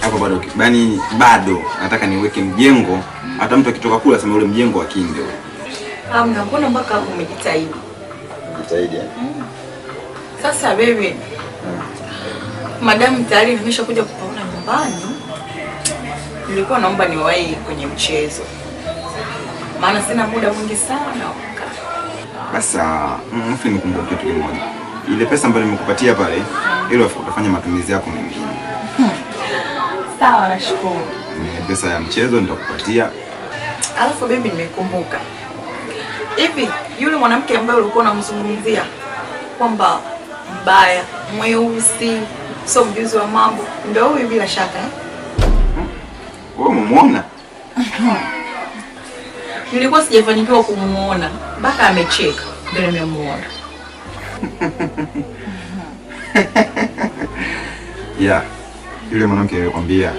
hapo bado yani, bado nataka niweke mjengo, hata mtu akitoka kula asema ule mjengo wa Kinde. Hamna, mbona mpaka hapo umejitahidi? Umejitahidi Mm. Sasa wewe madamu tayari nimeshakuja kupaona nyumbani, nilikuwa naomba niwahi kwenye mchezo, maana sina muda mwingi sana. Basa, mfi mm, nikumbuke kitu kimoja, ile pesa ambayo nimekupatia pale, ile utafanya matumizi yako mengine Sawa, nashukuru. Eh, pesa ya mchezo nitakupatia. Alafu bibi, nimekumbuka hivi, yule mwanamke ambaye ulikuwa unamzungumzia kwamba mbaya, mweusi, sio mjuzi wa mambo, ndio huyu bila shaka eh? Wewe umemwona? Nilikuwa sijafanikiwa kumuona mpaka amecheka ndio nimemuona. yeah yule mwanamke nilikwambia,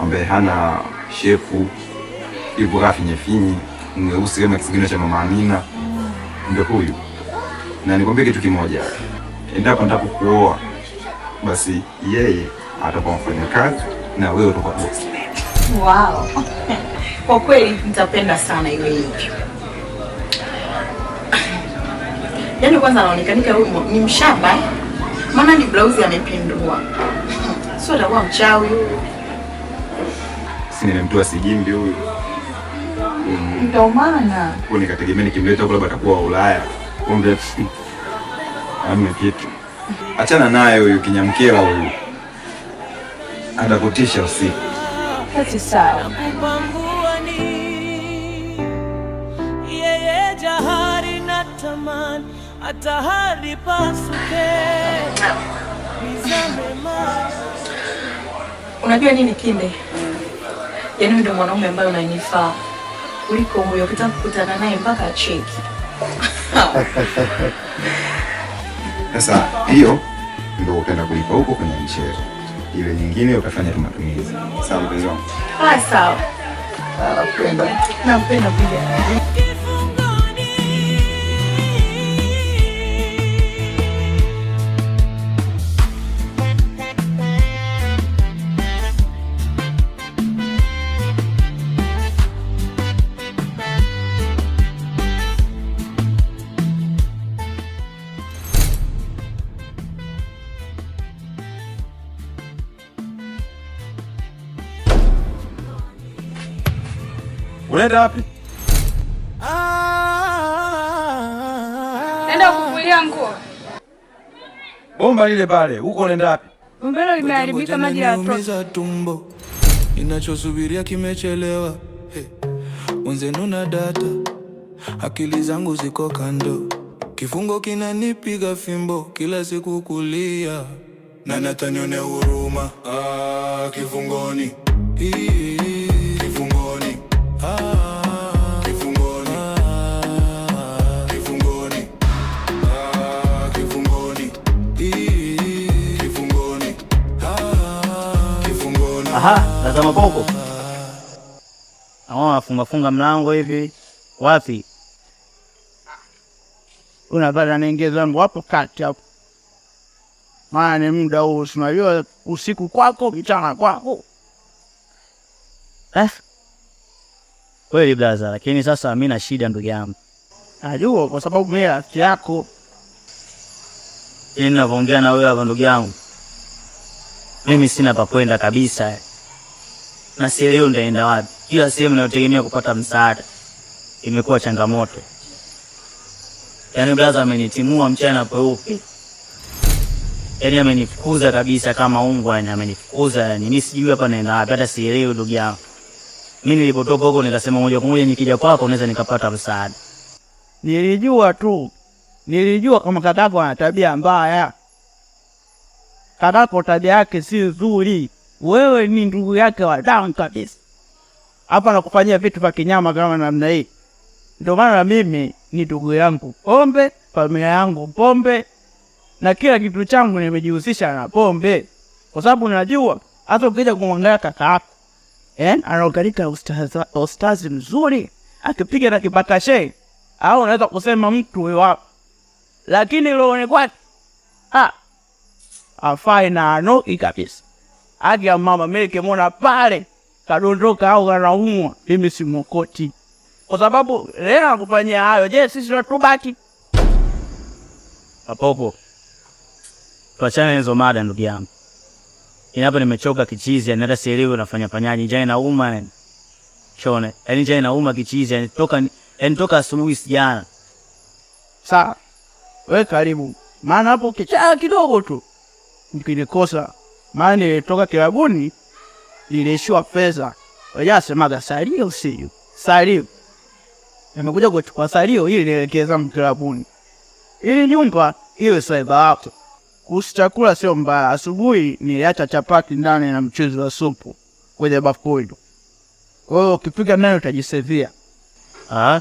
ambaye hana shepu, yupo rafi nyefinyi, mweusi kama kisigino cha mama Amina, ndio huyu. Na nikwambie kitu kimoja, endapo nataka kukuoa, basi yeye atakuwa kazi na wewe utakuwa bosi. Wow. Kwa kweli nitapenda sana iwe hivyo. Yaani kwanza anaonekanika huyu ni mshamba, maana ni blauzi amepindua Sio atakuwa mchawi huyu. Si nimemtoa sijimbi huyu. Ndio maana. Huyu nikategemea nikimleta huko labda atakuwa Ulaya. Kumbe hamna kitu. Achana naye huyu kinyamkela huyu. Atakutisha usiku. Kati sawa. Yeye jahari atahari pasuke. Nizame mama. Unajua nini Kinde? Yaani ndio mwanaume ambaye unanifaa kuliko huyo, ukitaka kukutana naye mpaka acheki. Sasa hiyo ndio utaenda kulipa huko kwenye mchezo, ile nyingine utafanya tu matumizi. Sawa mpenzi wangu? Ah, sawa. Ah, Nakupenda. Nakupenda pia. Unaenda wapi? Ah. Naenda kufulia nguo. Bomba lile pale, huko unaenda wapi? Bomba lile limeharibika maji ya tumbo. Ninachosubiria kimechelewa. Mwenzenu na data, akili zangu ziko kando. Kifungo kinanipiga fimbo kila siku kulia na natanione huruma ah, kifungoni funga mlango hivi. Wapi? Unapata naingia zangu hapo kati hapo. Maana ni muda huu, unajua usiku kwako, mchana kwako. Eh? Kweli blaza, lakini sasa mimi na shida ndugu yangu. Najua kwa sababu mimi rafiki yako. Yaani ninavyoongea na wewe hapa ndugu yangu. Mimi sina pa kwenda kabisa. Na sielewi nitaenda wapi. Kila sehemu ninayotegemea kupata msaada imekuwa changamoto. Yaani blaza amenitimua mchana peupe. Yaani amenifukuza kabisa kama ungwa, yaani amenifukuza. Yaani mimi sijui hapa naenda wapi, hata sielewi ndugu yangu mi nilipotoka huko nikasema moja kwa moja nikija kwako naweza nikapata msaada. Nilijua tu, nilijua kama katako ana tabia mbaya. Katako tabia yake si nzuri. Wewe ni ndugu yake wa damu kabisa, hapa nakufanyia vitu vya kinyama kama namna hii. Ndio maana mimi ni ndugu yangu pombe, familia yangu pombe, na kila kitu changu nimejihusisha na pombe, kwa sababu najua hata ukija kumwangalia kaka anaogarika ustazi mzuri akipiga na kibatashe, au unaweza kusema mtu huyo hapo, lakini lone kwake afai na anoki kabisa. Aki ya mama mona pale kadondoka au kanaumwa, mimi simokoti kwa sababu lena kufanyia hayo. Je, sisi tunatubaki apopo? Tuachane hizo mada, ndugu yangu inapo nimechoka kichizi, yani hata sielewi unafanya fanyaje. Njaa inauma yani. Chone. Yani njaa inauma kichizi, yani toka yani toka asubuhi sijana. Sawa. we karibu. Maana hapo kichaa kidogo tu. Nikinikosa. Maana nilitoka kilabuni nilishua fedha, Wewe asemaga salio sio. Salio. Nimekuja kuchukua salio ili nielekeza mkilabuni Ili nyumba iwe saiba wako kuhusu chakula sio mbaya. Asubuhi niliacha chapati ndani na mchuzi wa supu kwenye bakuli. Kwa hiyo ukipika nayo utajisevia. Ah.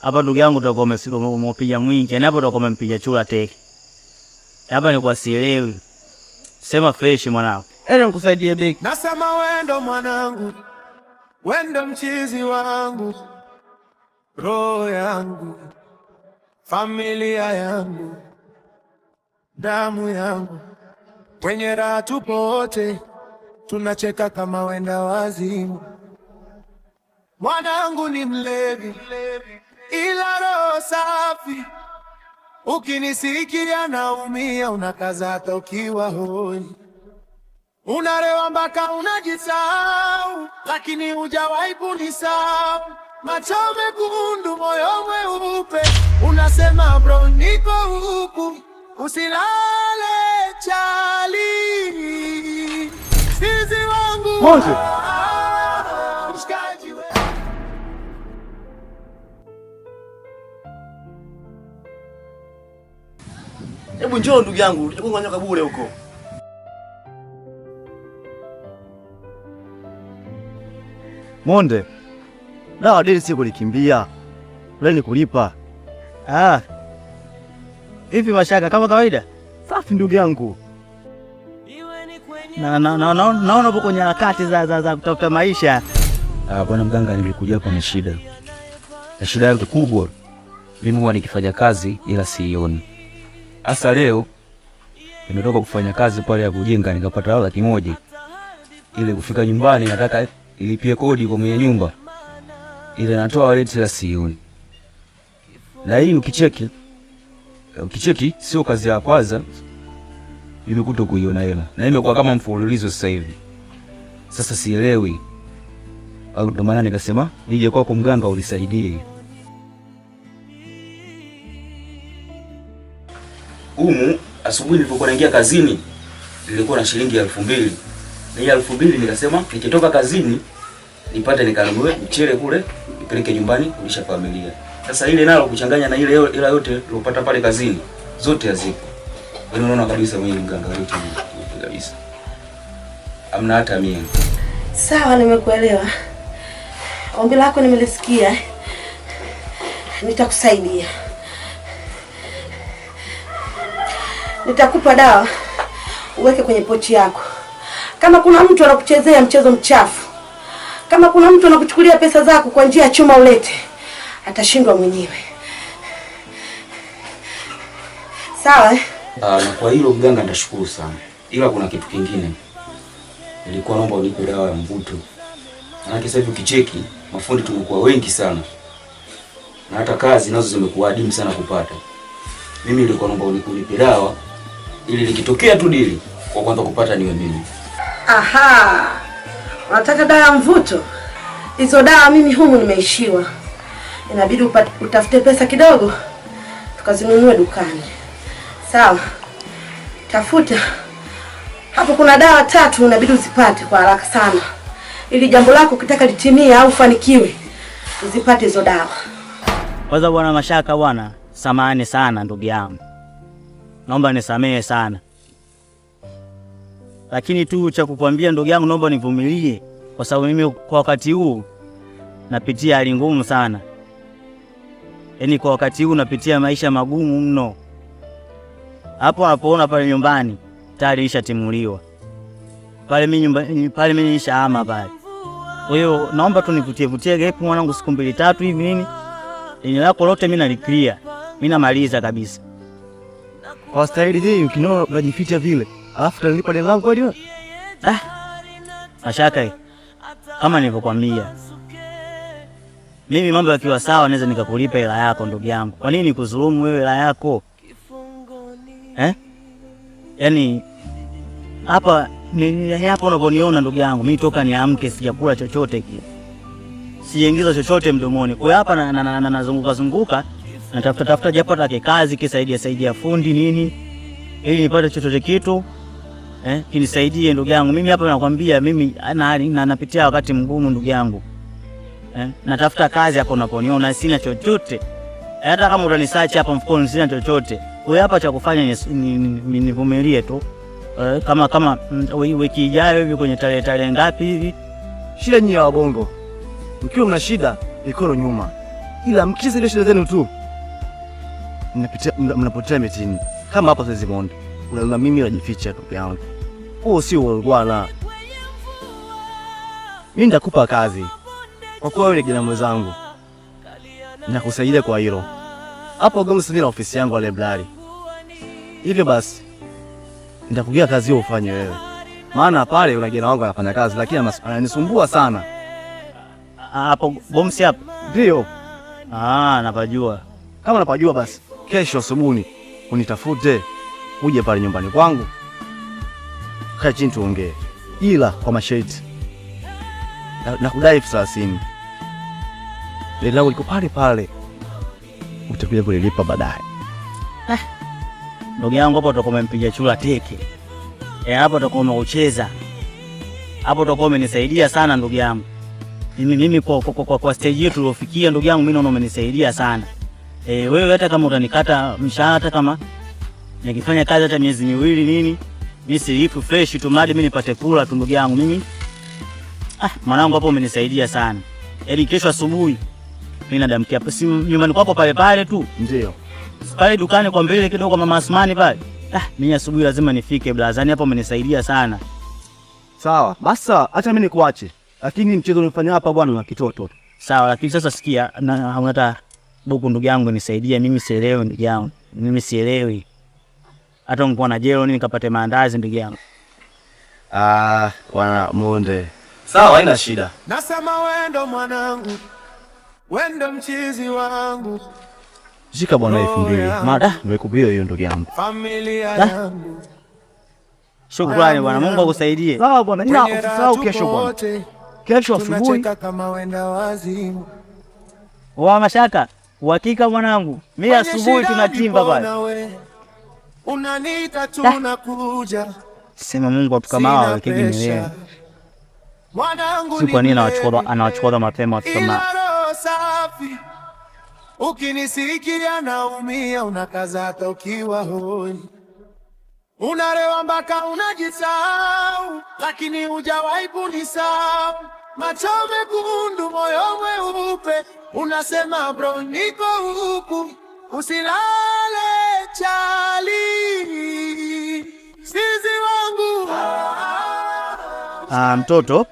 Hapa ndugu yangu utakuwa mpiga mwingi, yaani hapo utakuwa umempiga chura teke. Hapa ni kwa sielewi. Sema fresh mwanangu. Ende yaani nikusaidie beki. Nasema wendo mwanangu. wendo mchizi wangu. Roho yangu familia yangu, damu yangu, kwenye raha tupo wote, tunacheka kama wenda wazimu. Mwanangu ni mlevi, ila roho safi. Ukinisikia naumia, unakaza hata ukiwa hoi unarewa mpaka unajisahau lakini hujawahi kunisahau macho mekundu, moyo mweupe, unasema bro, niko huku, usilale chali, sisi wangu Hebu njoo ndugu yangu, tunakuanyoka bure huko. Monde. Dawa dili si kulikimbia, dili kulipa. Ah, hivi Mashaka, kama kawaida? Safi ndugu yangu, naona upo kwenye harakati za kutafuta maisha. Ah, bwana mganga, nilikuja kwa shida na shida yangu kubwa mimi huwa nikifanya kazi ila siioni. Hasa leo nimetoka kufanya kazi pale ya kujenga nikapata laki moja, ili kufika nyumbani nataka ilipie kodi kwa mwenye nyumba ile inatoa wallet ya sioni. Na hii ukicheki, ukicheki sio kazi ya kwanza imekuta kuiona hela, na imekuwa kama mfululizo sasa hivi. Sasa sielewi, au ndo maana nikasema nije kwako mganga unisaidie. Umu asubuhi nilipokuwa naingia kazini nilikuwa na shilingi elfu mbili na hii elfu mbili nikasema nikitoka kazini nipate nikanunue mchele kule nipeleke nyumbani kulisha familia. Sasa ile nalo kuchanganya na ile ila yote nilopata pale kazini zote hazipo. Wewe yaani unaona kabisa mimi mganga yote kabisa. Amna hata mimi. Sawa, nimekuelewa. Ombi lako nimelisikia. Nitakusaidia. Nitakupa dawa uweke kwenye pochi yako. Kama kuna mtu anakuchezea mchezo mchafu kama kuna mtu anakuchukulia pesa zako kwa njia ya chuma ulete, atashindwa mwenyewe. Sawa eh? Ah, na kwa hilo mganga, nitashukuru sana, ila kuna kitu kingine nilikuwa naomba unipe dawa ya mvuto, maanake sasa hivi ukicheki mafundi tumekuwa wengi sana na hata kazi nazo zimekuwa adimu sana kupata. Mimi nilikuwa naomba unipe dawa ili likitokea tu dili kwa kwanza kupata niwe mimi. Aha. Unataka dawa ya mvuto? Hizo dawa mimi humu nimeishiwa, inabidi utafute pesa kidogo tukazinunue dukani. Sawa, tafuta hapo, kuna dawa tatu inabidi uzipate kwa haraka sana, ili jambo lako ukitaka litimie au ufanikiwe, uzipate hizo dawa. Kwanza bwana Mashaka, bwana samahani sana ndugu yangu, naomba nisamehe sana lakini tu cha kukwambia ndugu yangu, naomba nivumilie, kwa sababu mimi kwa wakati huu napitia hali ngumu sana, yaani kwa wakati huu napitia maisha magumu mno. Hapo anapoona pale nyumbani tayari nishatimuliwa pale mimi pale mimi nishaama pale. Kwa hiyo naomba tu nivutie vutie gepu mwanangu, siku mbili tatu hivi, nini deni lako lote mimi naliklia, mimi namaliza kabisa. Kwa staili hii ukinoa unajificha vile Alafu nilipo deni langu kweli wewe? Ah. Mashaka. Kama nilivyokuambia. Mimi mambo yakiwa sawa naweza nikakulipa hela yako ndugu yangu. Kwa nini nikudhulumu wewe hela yako? Eh? Yaani hapa ni hapo unavyoniona ndugu yangu. Mimi toka niamke sijakula chochote kile. Sijaingiza chochote mdomoni. Kwa hapa nazunguka zunguka natafuta tafuta japo hata kazi kisaidia saidia fundi nini ili nipate chochote kitu eh, kinisaidie ndugu yangu. Mimi hapa nakwambia mimi na, na napitia wakati mgumu ndugu yangu eh, natafuta kazi hapo unaponiona, sina chochote eh, hata kama utanisearch hapa mfukoni, sina chochote. Wewe hapa cha kufanya nivumilie tu eh, kama kama mm, wiki ijayo hivi kwenye tarehe tarehe ngapi hivi. Shida nyinyi ya Wabongo, mkiwa mna shida ikoro nyuma, ila mkize ile shida zenu tu mnapotea mitini. Kama hapa sasa hivi, mbona mimi najificha tu yangu huo si uungwana. Mimi nitakupa kazi kwa kuwa wewe ni jina mwenzangu, nakusaidia kwa hilo. Hapo Gomsi na ofisi yangu ya librari, hivyo basi nitakugia kazi hiyo ufanye wewe, maana pale una jina wangu anafanya kazi, lakini ananisumbua sana ah, hapo Gomsi. Hapo ndio ah, napajua. Kama napajua, basi kesho asubuhi unitafute uje pale nyumbani kwangu kaa chini tuongee, ila kwa masharti nakudai elfu thelathini deni langu liko pale pale, utakuja kulilipa baadaye. Eh, ndugu yangu, hapo utakuwa umempiga chura teke. Eh, hapo utakuwa umeucheza, hapo utakuwa umenisaidia sana ndugu yangu. Mimi mimi kwa, kwa, kwa, kwa stage yetu tuliofikia ndugu yangu, mimi naona umenisaidia sana. Eh, wewe hata kama utanikata mshahara, hata kama nikifanya kazi hata miezi miwili nini Misi silipu fresh tu, mradi mimi nipate pula tu, ndugu yangu mimi. Ah, mwanangu hapo umenisaidia sana. Yaani kesho asubuhi mimi nadamkia hapa, si nyumbani kwako pale pale tu. Ndio. Pale dukani kwa mbele kidogo kwa Mama Asmani pale. Ah, mimi asubuhi lazima nifike blaza. Yaani hapo umenisaidia sana. Sawa. Basa acha mimi nikuache. Lakini mchezo unafanya hapa bwana na kitoto. Sawa, lakini sasa sikia, unataka buku ndugu yangu nisaidie mimi sielewi ndugu yangu. Mimi sielewi hata ungekuwa na jelo nini kapate maandazi ndugu yangu. Ah, bwana Munde. Sawa, haina shida. Nasema wewe ndo mwanangu, wewe ndo mchizi wangu. Shika bwana 2000. Mada, ah. nimekubia hiyo ndugu yangu. Familia ah. yangu. Shukrani bwana, Mungu akusaidie. Sawa bwana, nina usisahau kesho bwana. Kesho asubuhi. Wa mashaka, uhakika mwanangu. Mimi asubuhi tunatimba bwana. Unaniita tunakuja. Sema Mungu watu kama hawa wekegi milele. Si kwa nini anawachukua mapema watu Safi. Ukinisikia naumia, unakaza hata ukiwa hoi, unarewa mpaka unajisau, lakini hujawahi kunisau. Macho mekundu, moyo mweupe, unasema bro, niko huku usila chali sisi wangu. Ah, mtoto,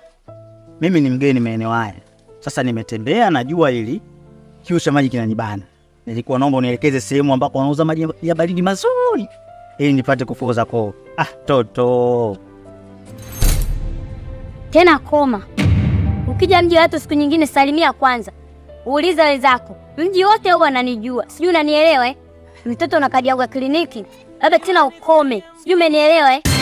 mimi ni mgeni maeneo haya. Sasa nimetembea, najua hili kiu cha maji kinanibana. Nilikuwa naomba unielekeze sehemu ambako wanauza maji ya baridi mazuri ili nipate kufuza koo. Ah, toto tena koma. Ukija mji watu siku nyingine salimia kwanza, uuliza wenzako, mji wote huwa ananijua, sijui unanielewa eh? mtoto una kadi yangu ya kliniki, labda tena ukome, sijui umenielewa eh?